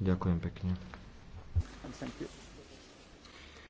Ďakujem pekne.